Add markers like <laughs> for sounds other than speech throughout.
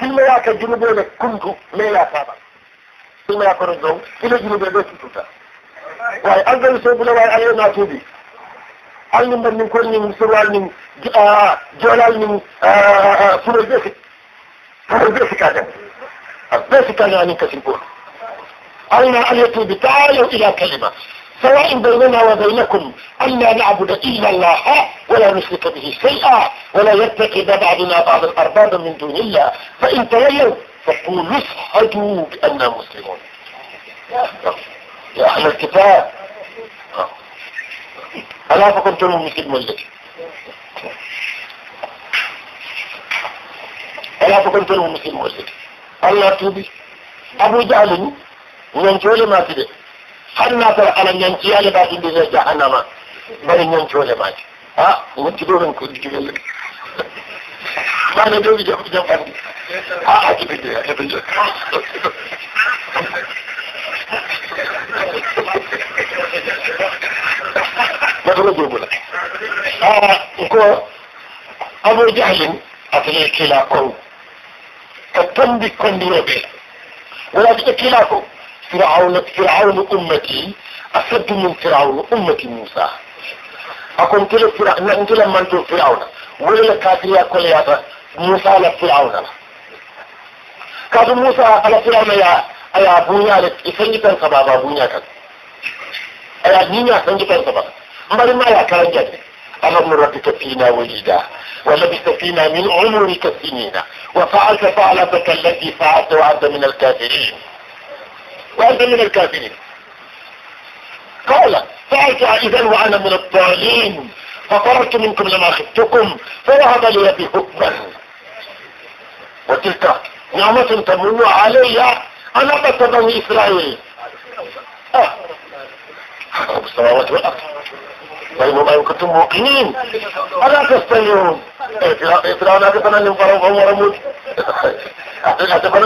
kilmaya ka junube ne kundu me ya saba kilmaya kono dow kila junube ɓe tututa way algawi sobula way allah na tuubi alni mbannin konnin sirwal nin joolal nin fulo ɓe fulo ɓe sikaden ɓe sikañanin kasin ɓoon alna allah tuubi taalow ila kalima سواء بيننا وبينكم أن لا نعبد إلا الله ولا نشرك به شيئا ولا يتخذ بعضنا بعض الأرباب من دون الله فإن تولوا فقولوا اشهدوا بأننا مسلمون يا أهل الكتاب آه. ألا فكنتم مثل ملتي ألا فكنتم مثل ملتي الله توبي أبو جعلني من لما ما تدري har na tara ala ñanci yale ba indi ne jahannama bari ñancole maake a wottiɗoɗon ko digibelle bane dowi jam jam andi a a jibide a heɓe jo matala jomula a ko abou jahlin atale kila kow ko tondi kondiroɓe wona ɗiɗo kila ko فرعون فرعون أمتي اسد من فرعون أمتي موسى أكون كل فرعون نحن كلا من تو فرعون ولا يا كل يا موسى على فرعون لا موسى على فرعون يا يا بنيا لك إسنجي كان سبابا بنيا كان يا نينيا سنجي كان سبابا مبالي ما يا كلام جد ألم ربك فينا وليدا ولبثت فينا من عمرك سنين وفعلت فعلتك التي فعلت وأنت من الكافرين وأنا من الكافرين قال فأتى إذا وأنا من الضالين ففررت منكم لما خفتكم فوهب لي حكما وتلك نعمة تمر علي أنا بس بني إسرائيل أه. السماوات والأرض طيب وما كنتم موقنين ألا تستيون إيه فرعون هتفنى لنفر ورموت <laughs>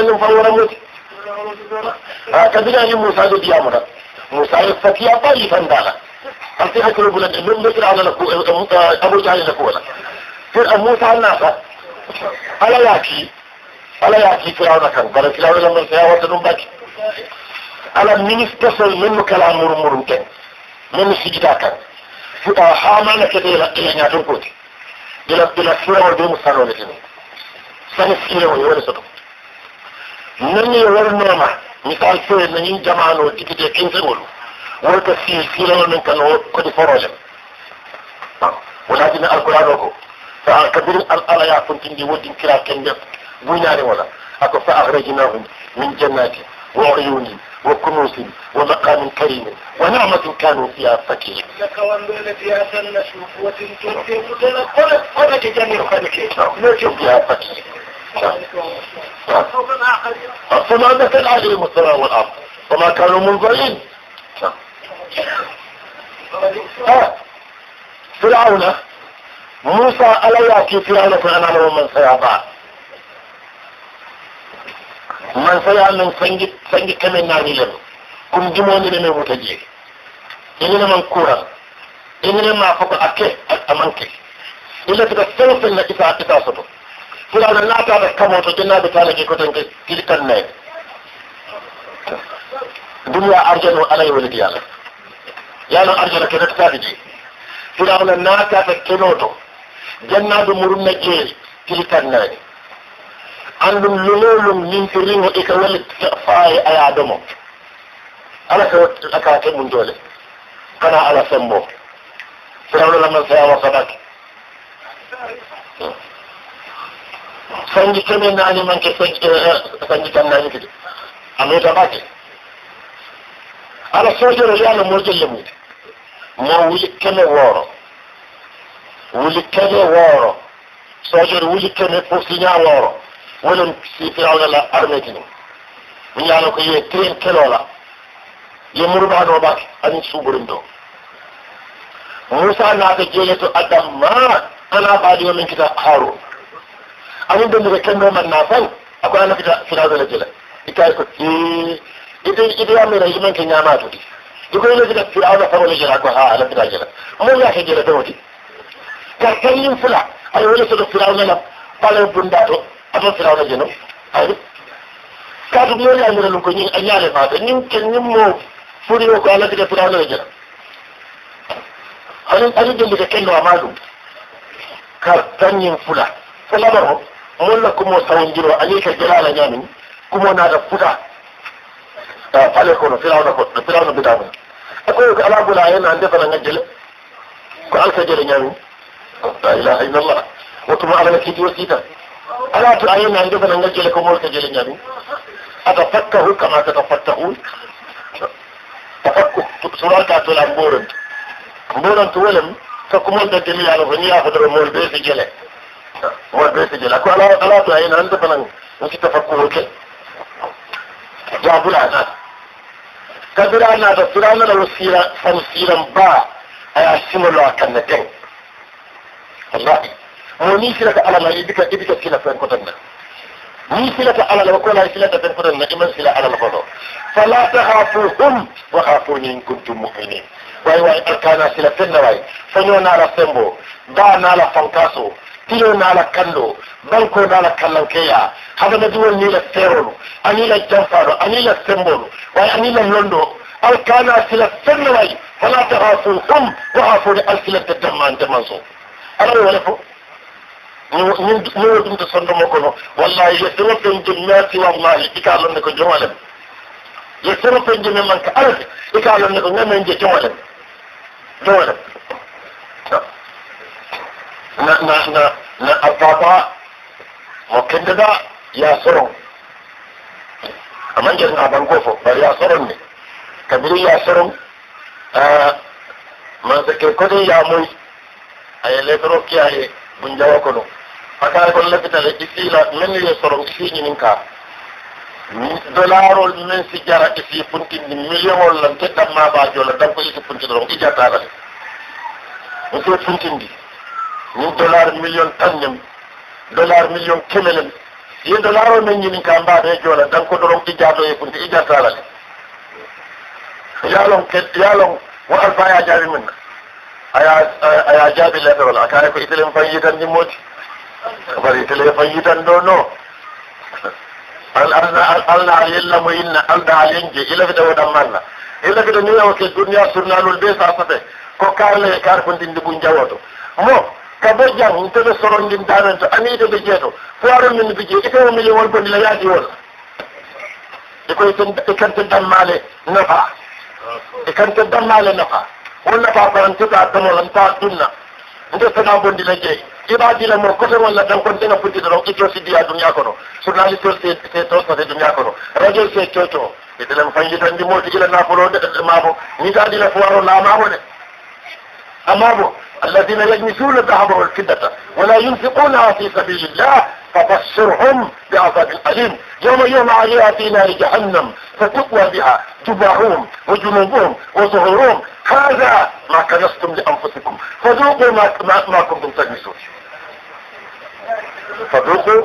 أنهم فروا ورموت كذلك أن يعني موسى دي بيامنا موسى يستطيع طريفا دانا أنت أكلوا بلد من ذكر على لكو أبو جهل لكونا فرعون موسى الناس على ياكي على ياكي فرعون كان قال فرعون لما سيارة نمبك على من استسل منه كلام مرمر كان من سجدا كان فتا حامان كتير إلى نعتم كوتي بلا بلا سورة ورد مستنوني سنسيرة ويولي سطم nani wolnoma misal soye nañin jamano jigide kinseŋolu wolta si silano min kan kodi forole wonajini alquran o ko fa kabiri al ala ya fontindi woddin kira kende buñani wala ako fa ahrajinahum min jannati wa uyunin wa kunusin wa maqamin karimin wa ni'matin kanu fiha fakihin lakawandole fiha sanna sufuwatin tuke mutala kole kole ke jani kole ke no fiha fakihin فما مثل عجل مثل والأرض فما كانوا منظرين نعم. آه. فرعون موسى ألا يأتي في عينة الأنام ومن سيضع من سيضع من سنجد كمين نعني لهم كم جمعون لهم متجيك إننا من كورا إننا ما فقط أكيه أمنكي إلا تتسلسل إذا أتتاسبه fulana naataata kamoto jennaaɓe taalake kotenke kili kan nayi duniya arjana o alay wonidi yalla yaano arjana ke rettataade jee fulana naataata kenooto jannaaɓe murum na jeeri kili kan naani anndum lololum nintiringo e ka wali faaye ayaa domo ala ka aka ke mum doole kana ala sembo firawno laman sayawa sadake sanji keme naani manke sanji tan naani kidi amuta baki ala sojoro yaano mojelle mum mo wuli keme wooro wuli keme wooro sojoro wuli keme fofsiña wooro wolen si firawna la armé tini mi ñaano ko ye tren kelola ye murbaanoo baki anin suuɓurin ɗo moussa naata jeele to adam ma ana baaɗi o min kita haaro awon da mure kan man na fal akwai ana fita fita da jila ita ko ki idan idan ya mura yiman kan yama to duk wani da fita da fara jira ko ha ala fita jira mun ya hijira da wati ka kai yin fula ay wala so da fita na pala bunda to ato fita da jino ay ka duk ne ya mura ko yin anyale fa da nin kan nin mo furi ko ala fita fita da jira anin anin da mure kan wa malu ka tanyin fula kalabar mulla kumo saranjiro ani ka jalala ñamin kumo naata futa fale kono firawna ko firawna bidama e koy ko ala gula hen hande fana ngajjele ko alka jele ñamin la ilaha illallah wotuma alana kidi o siita ala to a hen hande fana ngajjele ko molka jele ñamin atafakkahu kama tatafakkahun tafakku suraka tola mborante mborante wolem fakkumolde demi yaalo ko ñiya ko doro mol ɓe fi jele wol be sijila ko ala ala to ayina anta fanan nki tafakkur ke jabula na kadura na da surana da wasira san siran ba aya simolo akan ten wallahi mo ni sira ka ala ma ibika ibika sila fen ko tanna ni sila ka ala la ko la sila ta fen ko tanna iman sila ala la ko fala takhafuhum wa khafuni in kuntum mu'minin wai wai alkana sila fen na wai fanyo na la sembo ba na la fankaso tilo nala kallo banko nala kallankeya hadamadiwol nila serolu anila janfano anila sembolu way anila londo alkana sila fenno way fala tahasun hum wahafuni alsilante damman daman so aɗawi wala fo niwo ɗumde sondomo kono wallahi yesiro fen jom merci wallahi ika lonne ko jomalem yesiro fen jome manka arate ika lonne ko gamen je jomalem jomalem na na na na ababa mokkende da ya soron aman jen na banko fo ba ya soron ne kabiri ya soron man sake kodin ya mun a yi lefiro kiyaye bun jawa kono a kare kon lafita da isi la min ya soron isi ɲinin ka dolarol min si jara isi puntindi miliyonol lan te damma ba jola dan ko isi puntindi ron ijata la ne ko puntindi ni dollar million tannim dollar million kemelem ye dollar o men ñini ka mbaade joola dan ko dorom ijaato e kunti ijaatala de yalon ke yalon wo alfa ya jaabi mun aya aya jaabi lefe wala akaare ko itele fayitan ni moti bari itele fayitan do no al arna al na yella mo inna al da alenje ila fita wadan manna ila fita ni o ke dunya surnalul be sa sate ko karle kar ko dindi bu jawoto mo kabo jang ntele soro ndin damen to ani to bejeto ko aro min bije ite o mi wol bondi la yaadi wol e koy tan e kan tan dammale nafa e kan tan dammale nafa wala fa faran to ta tan wala ta dunna nde tan bondi la jeyi ibaadi la mo koto walla tan kon tena futti ɗo itto siddiya dum yakono journalistol se tosode dum yakono radio se toto eɗelen fanjitandi moti ila nafolo de mabo ni taadi la fowaro laamabo de amabo الذين يجنسون الذهب والفدة ولا ينفقونها في سبيل الله فبشرهم بعذاب أليم يوم يوم عليها في نار جهنم فتقوى بها جباههم وجنوبهم وظهورهم هذا ما كنستم لأنفسكم فذوقوا ما, ما, ما كنتم تكنسون فذوقوا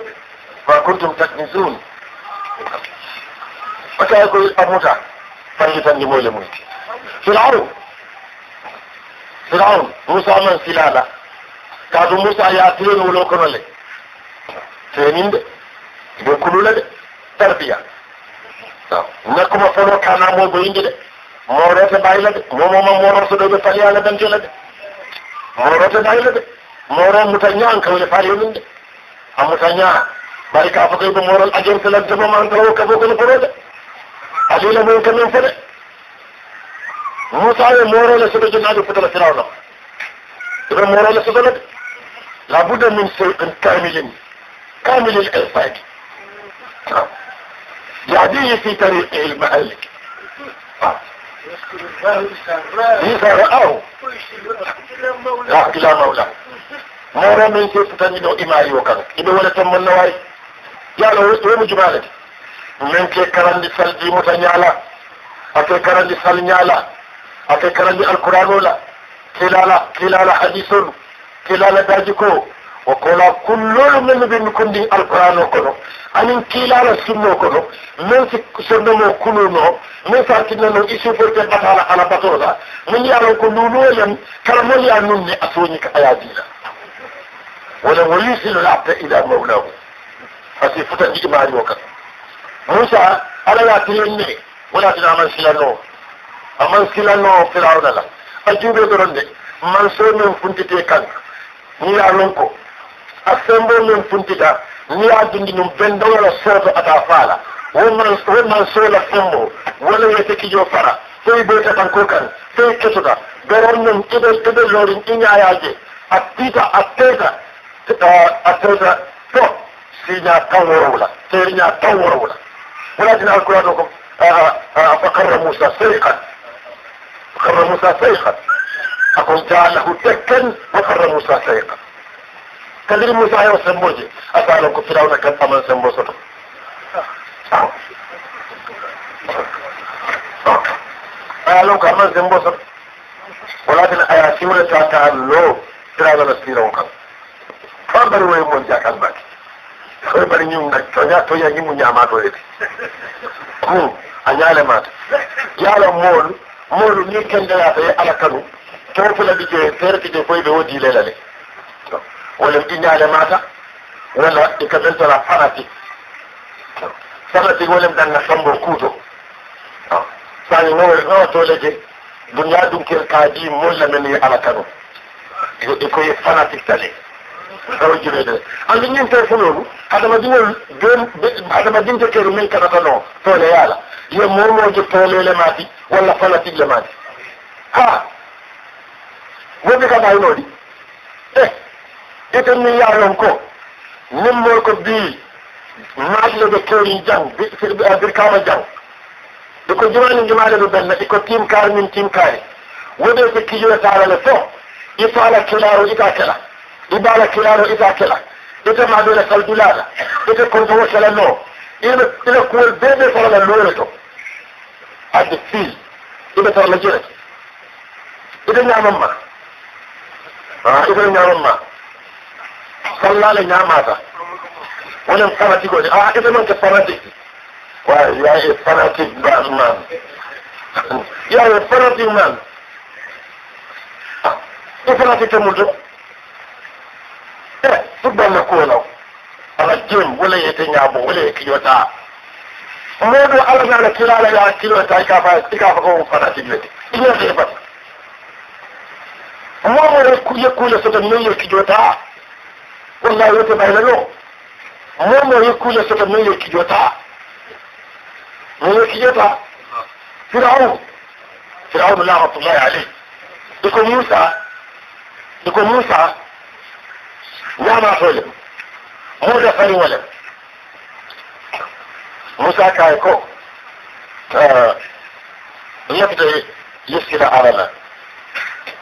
ما كنتم تكنسون وكأقول أبوتا فريدا لمولى ملكي في العرب firaun musa man silala kaatu musa ya teeni wolo kono le teeninde ibe kulula de tarbiya nakkuma fono kana mo boyinde de morete bayla de momoma moroto ɗo ɓe paliyala dantela de morote bayla de moro muta ñaan kawle faali min de a muta ñaa bari ka fokoy ko moral agente lantema man tawo kabo kono fono de alila mon kamen fo de موسى مورو لسبب جنادو فتلة فرعون إذا مورو لسبب لابد من سوق كامل كامل الإرفاق يعديه في طريقه المعلك إذا رأوا لا إلى مولاه مورو من سوق تنينو إماري وكذا إذا ولا تمنى نواي يا لو ويمو جمالك من كي كران لسال جيمو أكي كران لسال akeekaralli alkur'aanola kilala kilala hadisolu kilala daji ko wo kola kullolu men ɓe mi konndi alkur'an o kono anin kilala sunno kono min si sonnomo kuluno min sa tinnano isuforte batala ala batola min yalan ko luluolen kala mon ya nunni a soñi ka ayadila wala wo yusilu labta ila mawlahu asi futandi imani o kan musa ala ya tiren ne wala tinaman silano aman silano firawna la a juuɓe ɗoron de manso min funtite kan niya non ko a sembo min funtita niya dundi ɗum bendowala sooto ata faala wo mansola sembo wala wiyete kijo fara foyi ɓeyta tan ko kan foyi kesuɗa ɗoron min iɗo iɗo lorin iñayaje a tiita a teyta a teyta to siña tan worowla teyriña tan worowla walatina alkurano ko fakarra moussa seykan فخر موسى سيقظ أقول جعله دكا وخر موسى سيقظ تدري موسى يا سموجي أسألكم فرعون كم فمن سمو صدق أعلم كمان سمو صدق ولكن أياتي ولا تعتعلو فرعون نسيرون كم فانبري ويمون جاكا باكي koy bari ñu nak to ya to ya ñi mu ñama moolu niŋ kendeyata ye ala kanu kewo fula bi jee feere ti je foyi be wo diile la le walla i ñaale maata walla i ka bentala fanati fanati wolem danna sambo kuuto saani nowa tole je duniyaa dunkel kaa di moolu la men ye ala kanu ikoye fanatique tale dara jibe de an ni nte fuloru adama diwol don adama dinte keru men kada tano tole yala ye momo je tole le mati wala fanatik le mati ha wobi ka dai nodi eh ite ni yaron ko nimmo ko bi maatle de kerin jang bir kama jang iko jumani jumaale ɗo benna iko timkaare min timkaare woɗe ɓe kijoyotaarale fof ifo ala kelaaru ita kela ibala kilano ita kela ita maɓela saldulala ita kontowo kelano ina kuwa bebe farala lore to adi fi ina farala jere ita ñamamma ita ñamamma sallale ñamata wonen fanatique oni a ita manke fanatique wa ya fanatique bas man yaye fanatique man ita fanatique temuto subban na kono ala jim wala yete nyabo wala yake yota modu ala na na kila ala ya kilo ta ka fa tika fa ko fa ta tibete ina ta fa modu ku ye ku le so to nyo ki jota wallahi yote ba lalo modu ye ku le so to nyo ki jota nyo ki jota فرعون فرعون لعنة الله عليه يكون موسى يكون موسى يا ما حلم هو ده فاي ولد موسى كايكو آه يبدأ يسكن عرنا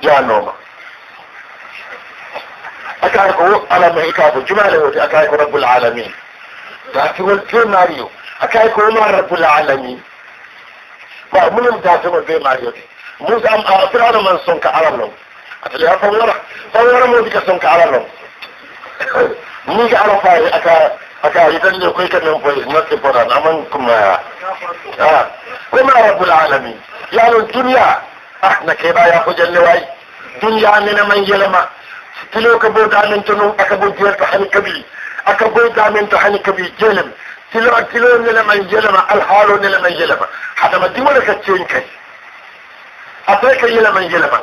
يا نوما أكايكو على ما يكافو جماله أكايكو رب العالمين لكن والكل ماريو أكايكو ما رب العالمين ba munin da ta ba zai mariyo mu ga عرنا fir'auna man son ka arab nan a tare fa wara ni ga ala fa aka aka idan ne kai ka nan fa masu fara aman kuma ah kuma rabbul alamin ya lon duniya ah na kai ba ya kujan ne wai duniya ne na man yelma tilo ka bo da nan tuno aka bo jiyar ka hani kabi aka bo da nan ta hani kabi jelim tilo tilo ne na man yelma alhalo ne na man yelma hada ma dimar ka cin kai akwai kai yelma yelma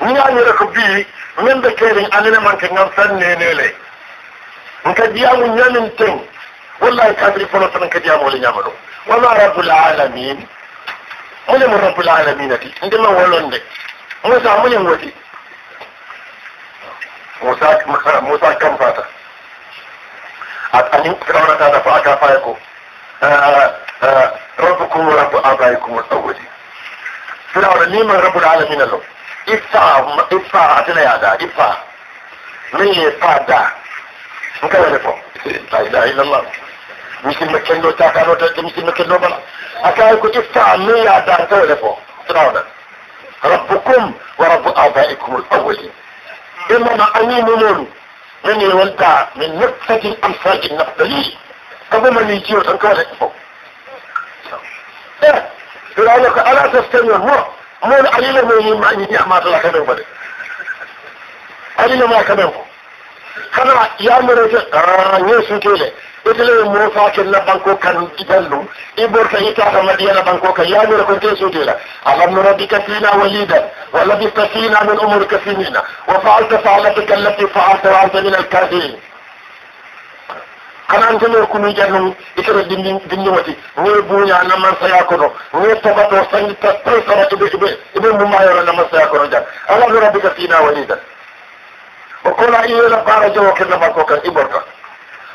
niŋa yɛrɛ ko bii min be keeriŋ ani ne maŋ ke ŋan saŋ neenee le nka diyaamu ñamin teŋ wallahi kafiri folo fanaŋ ka diyaamu le ñama ɗo wama rabbul alamin mu ne mu rabbul alamin ati ndema wolon de musa mu ne mu wati musa musa kam fata ani firawna ta dafa aka faye ko rabbukum rabbu abaikum al awwalin firawna liman rabbul alamin lo ifa ifa atena ya da ifa mini fada nka wale fo la ilaha illallah misil makendo ta kano ta misil makendo bala akai ko ifa mini ya da ta wale fo trawda rabbukum wa rabb abaikum al-awwalin imma aminun من يولد من نفسة أمثال النقبلي قبل من يجي وتنكر لك فوق إيه يقول لك ألا تستمع هو moolu alila mo ñi ñi ñamatala kamen bade alila ma kamen ko kana yamarete ñe suutele itele mo faken na banko kan iballu iborta itata madiyana banko kan yamira kon te suutela alam nurabbika fina walidan wa labista fina min umurika sinina wa faalta faalataka allati faalta wa anta min alkafirin kanante lor kunu jannum ikere dindin dindimati ni buña na man saya kono ni tabato sangi ta tsara ibe ibe ibe mumma yoro na man saya kono jan ala rabbika fina walida o kola iye la bara jowo kenna makko kan iborta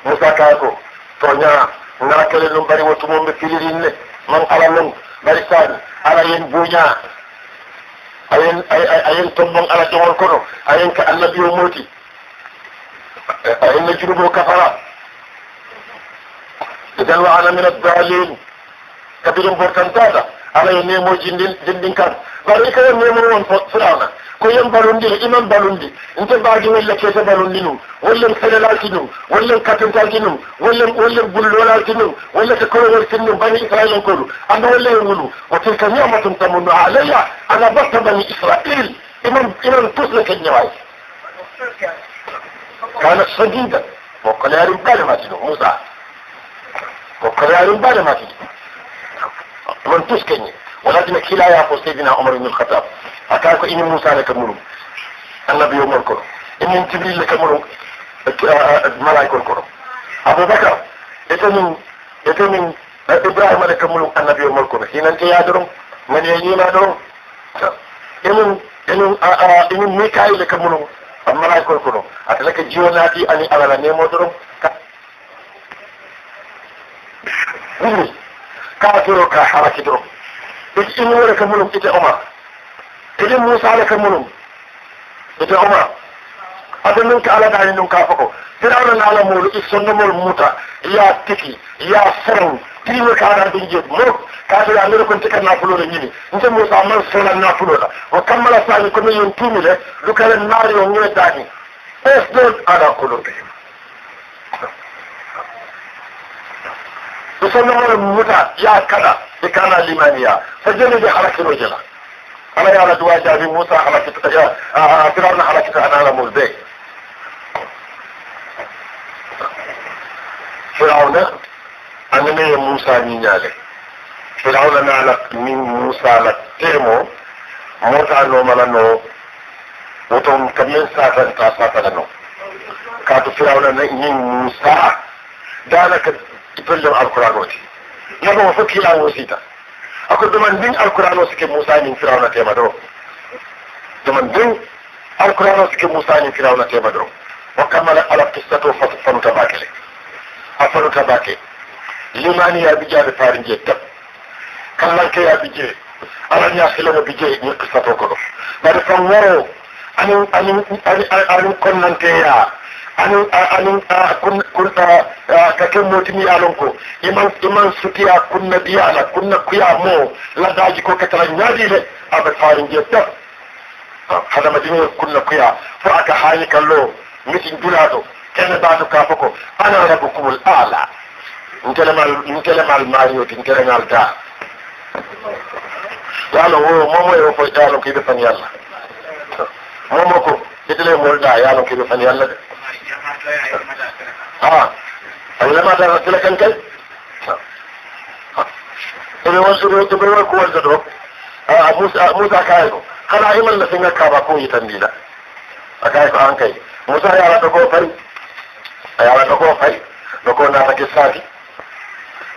musa ka ko to nya ngara kele num bari wotu mum be filirin ne man ala non bari sani ala yen buña ayen ayen tombon ala jowol kono ayen ka annabi o moti ayen na jurubo kafara idan wa ana min ad-dalil important bortantada ala e nemo jindin dindin kan bari ka yan mo won firawna ko yan balundi imam balundi inte wala ke sa balundi no wala num walla felalaki num walla wala num walla la bullolaki num walla ko kolowol sinnum bani israil kodu anda wala e ngulu wa tilka ni'matun tamunu alayya ana batta bani israil imam imam tusla ke ñaway kana sadida mo ko leerim kalimati no musa وقرار بعد ما فيه من تسكني ولكن كلا يعفو سيدنا عمر بن الخطاب أكاكو إني موسى لك لكمرو النبي عمر كرو إني لك لكمرو ملايكو الكرم أبو بكر يتمن يتمن إبراهيم لك لكمرو النبي عمر كرم هنا أنت يا درو من يجينا درو إنن إنن آه، آه، إنن ميكايل لكمرو الملايكو كرو أتلك جيوناتي أني أغلى نيمو درم kafiro ka haraki doro ɓe inu wala ka mulum ite oma ite musa ala ka mulum ite oma ade min ka ala dani ɗum ka foko firawna naala molu i sonnomol muta ya tiki ya soron tiime kaara ɗum jeeɗ mo kaafira andere kon tikat nafulola ñini nte musa man sona nafulola o kammala saani kono yon tuumide lukalen maari o ŋewe daani ɓesɗon ala kolobehim tusallamo muta ya kana ikana limaniya fajele bi harakiro jela ala ya ala duwa jabi musa halakita ya firarna halakita anala mulbe firawna anene ye musa ñiñale firawna naala min musa la temo mota nomala no woton kamen satanta satala no kaatu firawna ñin musa danaka fellem alkuranooti yamo fo kiila wo siita ako doman ndin alkurano sike moussa nin firawna tema doro doman ndin alkurano sike moussa nin firawna tema doro wa kammala ala qissato fanuta baake le a fanuta baake limani ya bi jaabe faari jee tab kallanke ya bi jee ala ñaa xilono bi jee ñi qissato ko ɗo bari fam waro anin anin anin konnanteyaa anin anin kun kun ka ken motimi alon ko iman iman sutiya kunna biyala kunna kuya mo la daji ko katara nyaadi le aba farin je ta hada madini kunna kuya fa aka hani kallo mitin dulado kene baatu ka foko ana rabbukum al ala ntelemal ntelemal mario tin kelemal da yalo wo momo yo fo yalo kibe fan yalla momo ko itele mol da yalo kibe fan yalla de لا يعرف ماذا اه انا ما درست لك انت ابي وزر يوتي بالورك وزر اه موسى كايرو kana yi mallafin ya kaba ko yi tambila a kai ko an kai musa yara ta kofai a yara ta kofai da ko na take safi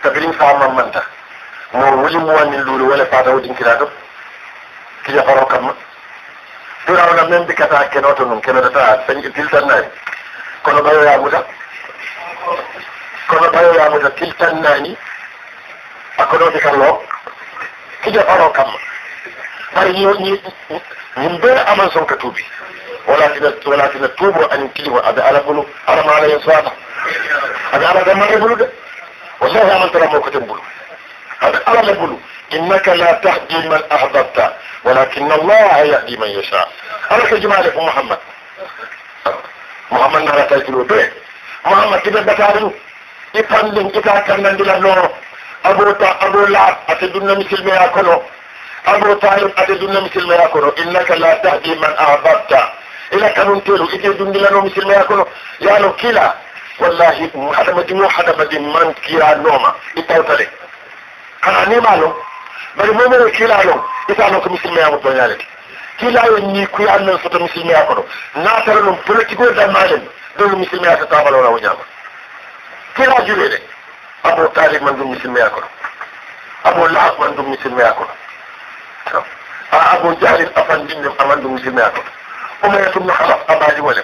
ta bilin samun manta mu wuli mu wani lulu wala fata wudin kira to kija faro kan ma dura wala men bi kata kenoto nun kenata ta san tiltan nai kono ɓayo yamuda kono ɓayo yamuda tiltannani akkonoɓe kallo kija faro kamma ɓay yim be aman sonka tuubi walatina walatina tuubo anin kiliho aɓe ala bulu ala maala yen soata aɓe ala dammare bulu de wallahi amantaramo koten bulu aɓe ala le bulu innaka la tahdi man ahbabta walakin allah yahdi man yasha ala ko jumaale ko mouhammad muhammad nana kalkilo to muhammad tiɓe bataɗum i pallin ita kannandila loo abota abo laab ate dunna misilmeya kono abo talib ate dunna misilmeya kono innaka la tahdi man ahbabta ila kanum telu ite dundilano misilmeya kono yano kila wallahi hadamadi mo hadamadi man kira nooma i tawtale ana nimalo bari momene kilalo itano ko misilmeya mo toñalete kilayo ni kuya nan soto muslimiya kono na tara non politiko da malen do muslimiya ta tabalo na wajama kila jure de abu talib man do muslimiya kono abu lahab man do muslimiya kono abu jahil afan din man do muslimiya kono umayyah ibn khalaf abadi wala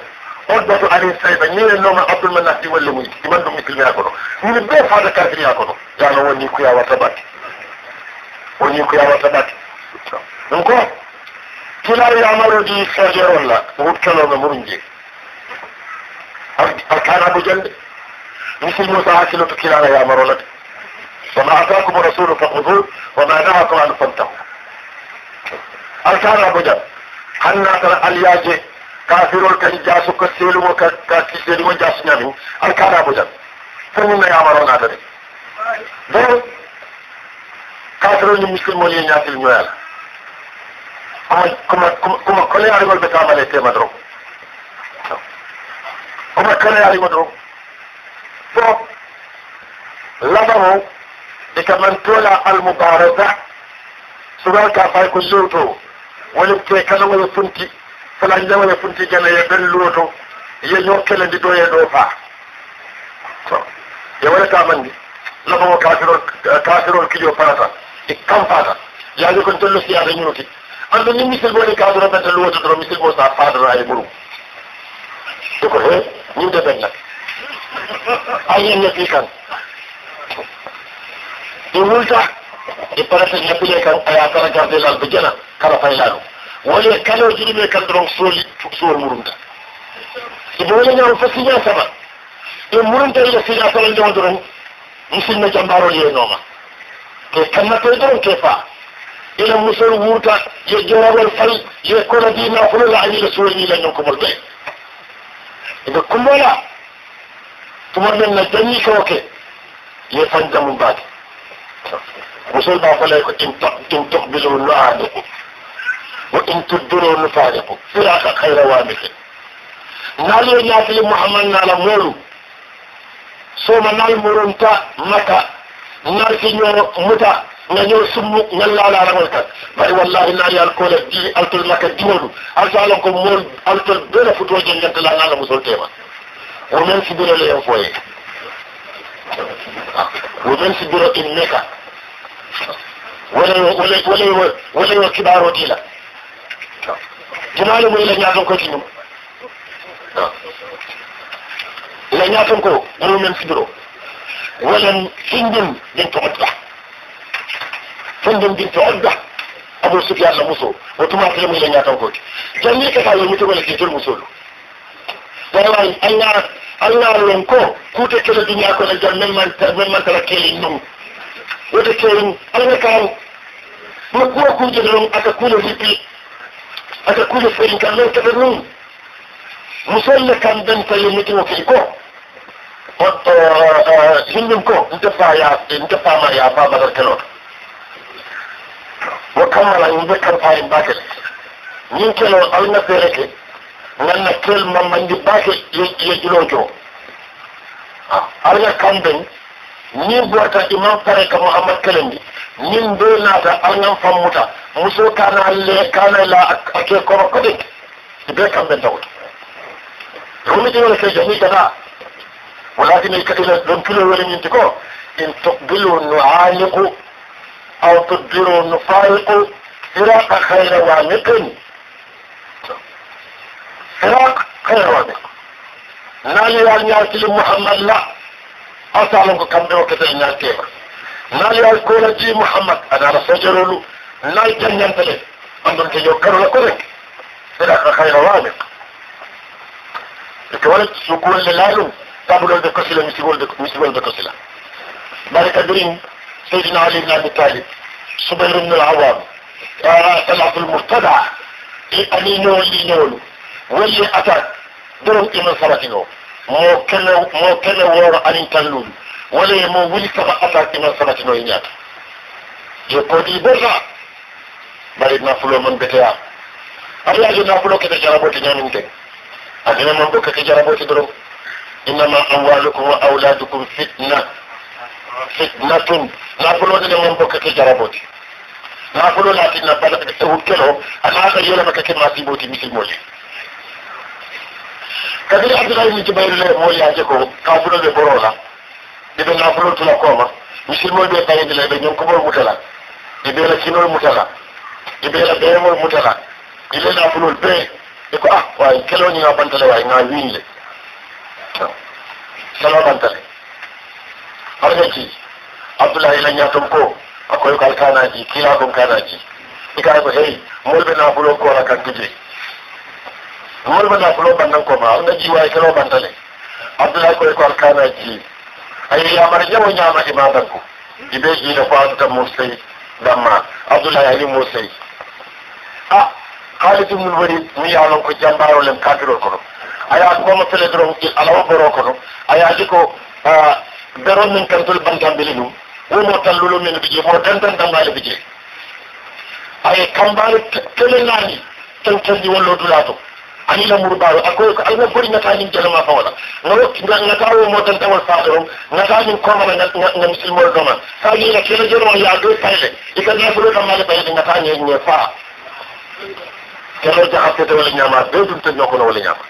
oddatu alin sayba ñinen nooma abdoul manaf ɗi walle mum ɗi mandu musilme akono ñini ɓe faada kafiri akono yano wonni kuyawa tabati wonni kuyawa tabati donc بلا يعمل دي ساجر ولا وقت كلام مرنجي أركان أبو جند مثل موسى عاكل تكيلانا يعمل ولد وما أتاكم الرسول فخذوه وما نهاكم عن فانتهوا أركان أبو جند حنا ترى الياجي كافرول كهجاسو كسيلو وكسيلو وجاسو نبو أركان أبو جند فمما يعمل ونادر ده كافرول المسلمون ينافي المعالم como, como, como kole ari gol be kamale te madro kuma kole ari madro to labaro e kaman tola al mubaraza sugal ka fay ko soto wala te kala wala funti fala nda wala funti jana ya ben loto ye nyokele ndi do ye do fa to ye wala kamandi labaro kafirol kafirol kijo parata e kam fata yaade kon tollo siyaade ñuti andu ñi misil bo ni kaadu rafet lu wotu dro misil bo sa faadu ray buru ko he ñu de ben nak ay ñe ci kan di wulta di parata ñe bu kan ay kala garde lal bu jena kala fay lalu wala kala jiri me kan dro soli sol murunda ibo wala ñaw fa siña sama e murunda ila siña kala ñaw dro misil na jambaro ye noma ke kan na to dro ke fa إلى مصر وورتا يجرب الحل يكون دينا فلا لعلي رسول الله لن يكون مرضي إذا كل ولا تمنى أن الدنيا كوكا يفند من بعد مصر ما فلا يكون تقبلوا النعام وإن تدروا النفارق فراق خير وامك نالي ناتي محمد نالا مولو سوما نالي مرونتا متى نالي نالي مرونتا nañoo summu nga laala rawal ka bari wallahi na yal ko la di altul maka diwonu altal ko mol altal bela futo jengante la nala musul tema o men si bura le foye o men si bura in meka wala wala wala wala wala kibaro dila jinaale mo la ñaaton ko ci ñum la ñaaton ko mo men si bura wala singum den ko mat fondin bintu abda abu sufyan la muso wato ma kila mulan ya tan koki dan ne ka ta yi mutum ke tul muso wallahi allah allah lonko ku ta kila duniya ko da jannan man tarban man tarakelin nun wata kelin allah kan mu ko ku jirun aka kula hipi aka kula firin kan lan tabarrun musalla kan dan ta yi mutum ke ko hindin ko nta fa ya nta fa ma ya fa bazar kalota وكمل يذكر فاي باكل يمكن أن نفرك لأن كلمة من باكل يجلوجو أرجع كم بين ni buwata iman fare ka muhammad kelendi nin be nata alnan fammuta muso kana le kana la ake koro kode be kam ben dawto rumiti wala ke jami tata walakin ikatila don kilo wala min tiko in tuqbilu nu'aliqu او تقدروا نفارقوا فراق خير وامق فراق خير وامق نالي يال نياتي محمد لا اصالنكو كم دو كتل نياتيما نالي يال كولتي محمد انا رسجر له نالي جنيانتلي اندون كيو كرو لكوذك فراق خير وامق اتولد سكون للعلم تابلو بكسلا مسيبول بكسلا بارك الدرين سيدنا علي بن ابي طالب صبير بن العوام سلف المرتدع امينو لينول ولي اتاك درو ان سبكينو مو كلو مو كلو ور ان تنلول ولا مو ولي كما اتاك ان سبكينو ينيات جو كودي برا bari na fulo man betiya Allah ya na fulo kete jarabo te nyamin te adina man ko kete jarabo te doro inma amwalukum wa auladukum fitna fitnatun nafulo ne mon bokka ke jaraboti nafulo lati na bala be tawu kelo ana ta yola maka ke masiboti misilmoje kadi abdullahi min jibayle mo yaje ko kafulo be borola ɗiɓe nafulo tula kooma misilmoje ɓe tawi dila ɓe ñonkobol mutala e ɓeela kinol mutala e ɓeela ɓeemol mutala ile nafulol bee e ko ah wawi keloñiga bantale wawi ga winle salabantale ñaki abdoulahi la ñatom ko akoy kal kanaji kila kon kanaji ikay ko hey molɓe nafulo kola kan gije molɓe nafulo bannan koma anda jiway kelo bantale abdoulahi koy ko al kanaji ay yamar jawo ñama imadan ko ibe jiile ko adduta mursey damma abdoulahi ali mursey a haalid ibnul walid mi yalon ko jambaro len kafirol kono aya ɗumamo fele doron alawa boro kono ayaji ko daron min kantol bantambele ɗum womo tallulo men bije mo dantan dambale bije aye kambale tele nani tan tanji wallo dulato ani lamuru bawe akoy ko alga fori ngatanin jalama fawala ngata wo mo tan tawal faade o ngatanin komana ngam silmol doma sajina kele jono ya do payde ika nafulo dammale payde ngatani ne faa kelo jahattete wala ñama be ɗum tan ñokono wala ñama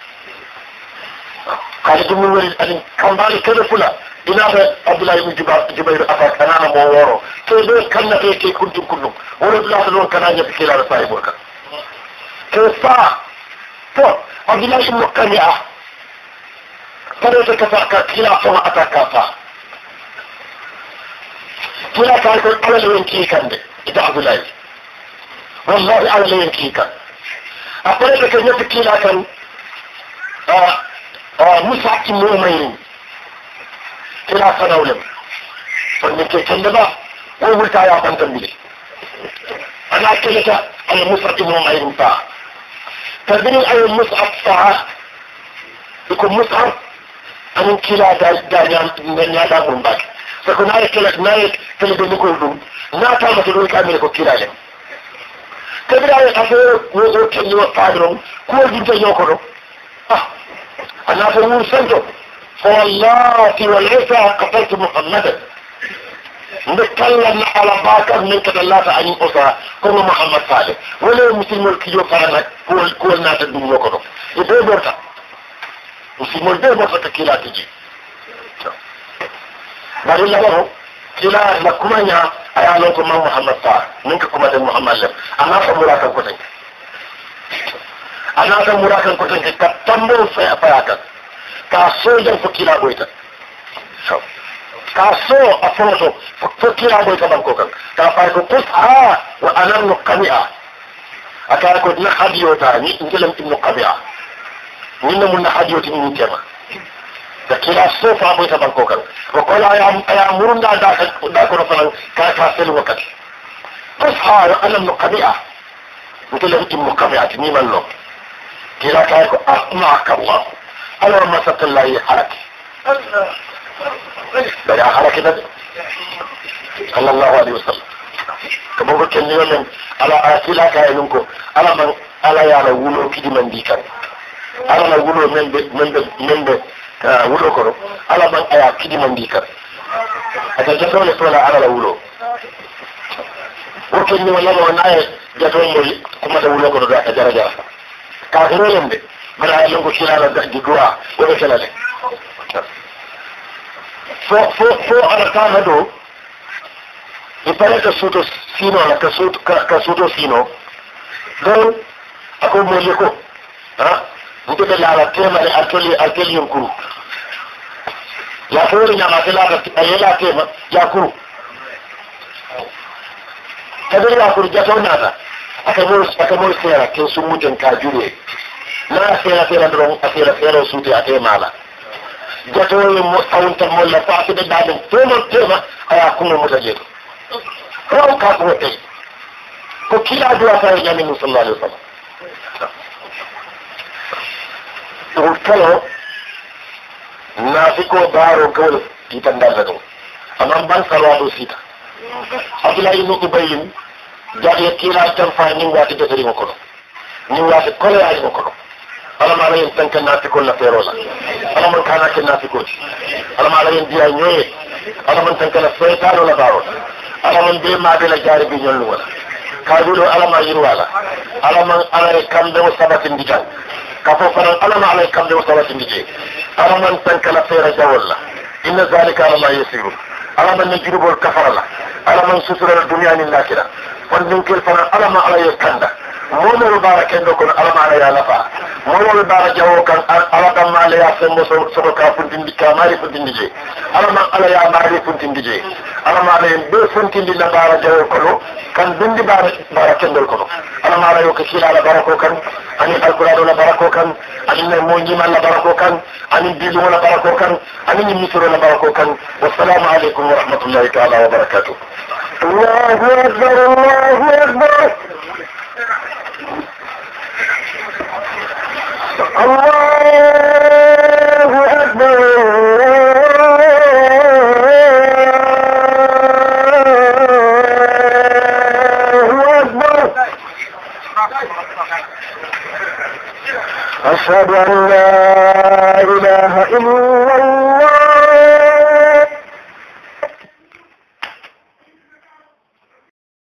kaade ɗum mi wari ani kambale kele fula dunata abdoulahi mum jubar jubayru afak anana mo woro so ɗo kannate ke kuntum kullum wono dunata ɗon kana ñabbi kilaɗo sahibol kan so sa to abdoulahi ummo kani a parete kasa ka kila foma attaque ka fa kila kan kon alala wen kii kan de ita abdoulahi wallahi alala wen kii kan a parete ke ñabbi kiila kan musa ki momayni ስላከናውንም ፈሚኬችንባ ወውልታ ያጠንቅ ሚል አናከለተ አልሙስዐፍ ብኑ አይንፋ ተብኒ አይ ሙስዐፍ ፈዓ يكون مصعب أن كلا دانيان آه. من يادا قنباك فكنا يكلا نايك تلبي نقولون نا تاما تلوك أمين كو كلا لهم كبيرا يتفير وزوك يوفادرون كل جنجا يوكرو أنا فمون سنتو فوالله وليس قتلت محمدا نتكلم على باكر من تكلات عن أسرة كنا محمد صالح ولا مسلم الكيو فرنك كل كل ناس الدنيا كله يبقى برتا مسلم البيع برتا كلا تجي بارين لبرو كلا لكما يا أيانكم ما محمد صالح منك كما تن محمد لب أنا سمورا كم أنا سمورا كم كتن كتن تمو فيا تاسو در فقیر آگوئی تا شو تاسو افوزو فقیر آگوئی تا ملکو کن تا فارکو قصعا و انم نقمعا اتارکو دن حدیو تا نی انجلم ابن قبعا نینو من حدیو تنینو تیما da kira so fa bai ta banko kan ko ko la ya ya murun da da da ko fa ka ta sel wakat bas ha wa alam muqabi'a mutalaqi muqabi'at ni man lo kira ka ko asma ka Allah انا ما سبت الله اي حركة بلا حركة نبي صلى الله عليه وسلم kabo ko kenni men ala asila ka en ko ala man ala ya la wulo kidi man di kan ala la wulo men be men be men be wulo ko ala man aya kidi man di kan ata jato le tola ala la wulo ko kenni wala mo nae jato mo kuma da wulo ko da daraja ka hirelen be bala lungu kilala dangi duwa woɓe kelale fo fo fo aɗa tama dow mi pare ka suuto siinola ka suuto ka suuto siino donc ako molle ko a mbeɓe laala temale altoli altoliyum kuru ya fowori ñamate laata a yela tema ya kuru kadori ya kuru jatoo naata aka mor aka mor seera ken summuten ka juuree na fela fela dron a fela fela suti ate mala jato ni mo awnta mo la faati de dadu tomo tema aya kuno mo tajeto raw ka ko e ko kila do ata ya ni sallallahu alaihi wasallam to kalo nafiko baro gol itan dalado amam ban salatu sita abdullahi ibn ubayyin jaje kila tan fa ni wati de ko ni wati kola ya ko ala ma ala yin tan kan nafi kun na fero la ala man kana kan nafi kun ala ma ala yin diya nyoye ala man tan kana fe ta la baro ala man be ma be la jari bi nyol wala ka du ala ma yiru wala ala man ala kam be sabatin dijan ka fo fara ala ma ala kam be sabatin dije ala man tan kana fera jawalla inna zalika ala ma yasiru ala man najrubul kafara la ala man sutura dunya ni lakira fon din kel fara ala ma ala yakanda moolu baara kendo kono alamaala ye lafa moolu baara jawo kan ala kam maala ya sembo soto ka funtindi ka maari funtindi je ala man ala ya maari funtindi je ala maala en be funtindi la baara jawo kono kan dundi baara baara kendol kono ala maala yo ko siila la barako kan anin alkurado la barako kan anin ne moñimal la barako kan anin bilumo la barako kan anin ñimmisiro la barako kan wassalamu aleykum wa rahmatullahi taala wa barakatuh الله أكبر الله أكبر الله أكبر الله أكبر أشهد أن لا إله إلا الله